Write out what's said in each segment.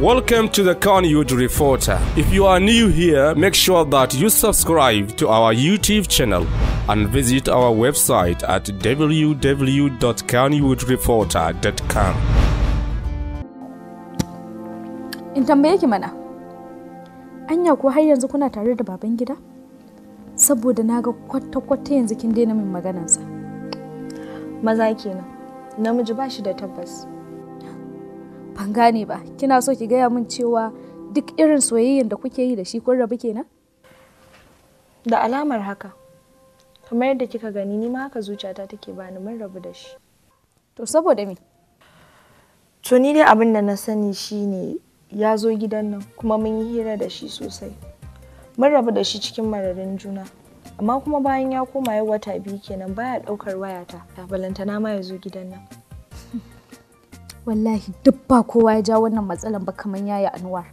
Welcome to the Khan Youth Reporter. If you are new here, make sure that you subscribe to our YouTube channel and visit our website at www.kannywoodreporter.com. In tambaye ki mana, anya ko har yanzu kuna tare da baban gida? Saboda na ga kwata-kwata yanzu kin daina min maganarsa. Maza kenan, namiji ba shi da tabbas. ban gane ba kina so ki gaya min cewa duk irin soyayyen da kuke yi da shi kun rabu kenan da alamar haka kamar yadda kika gani ni ma haka zuciyata take bani mun rabu da shi to saboda me to ni dai abin da na sani shine ya zo gidan nan kuma mun yi hira da shi sosai mun rabu da shi cikin mararin juna amma kuma bayan ya koma yau wata biyu kenan baya ɗaukar wayata balantana ma ya zo gidan nan wallahi duk ba kowa ya ja wannan matsalan ba kamar yayi anwar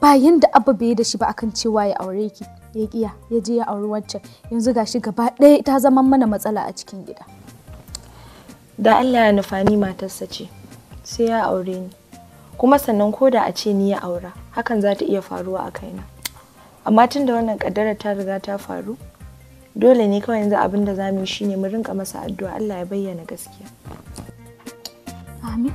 ba yanda abu bai da shi ba akan cewa ya aure ki ya kiya ya je ya auri wacce yanzu gashi gaba ɗaya ta zama mana matsala a cikin gida da Allah ya nufa ni matarsa ce sai ya aure ni kuma sannan ko da a ce ni ya aura hakan za ta iya faruwa a kaina amma tun da wannan kaddara ta riga ta faru dole ne kawai yanzu abin da za mu yi shine mu rinka masa addu'a Allah ya bayyana gaskiya amin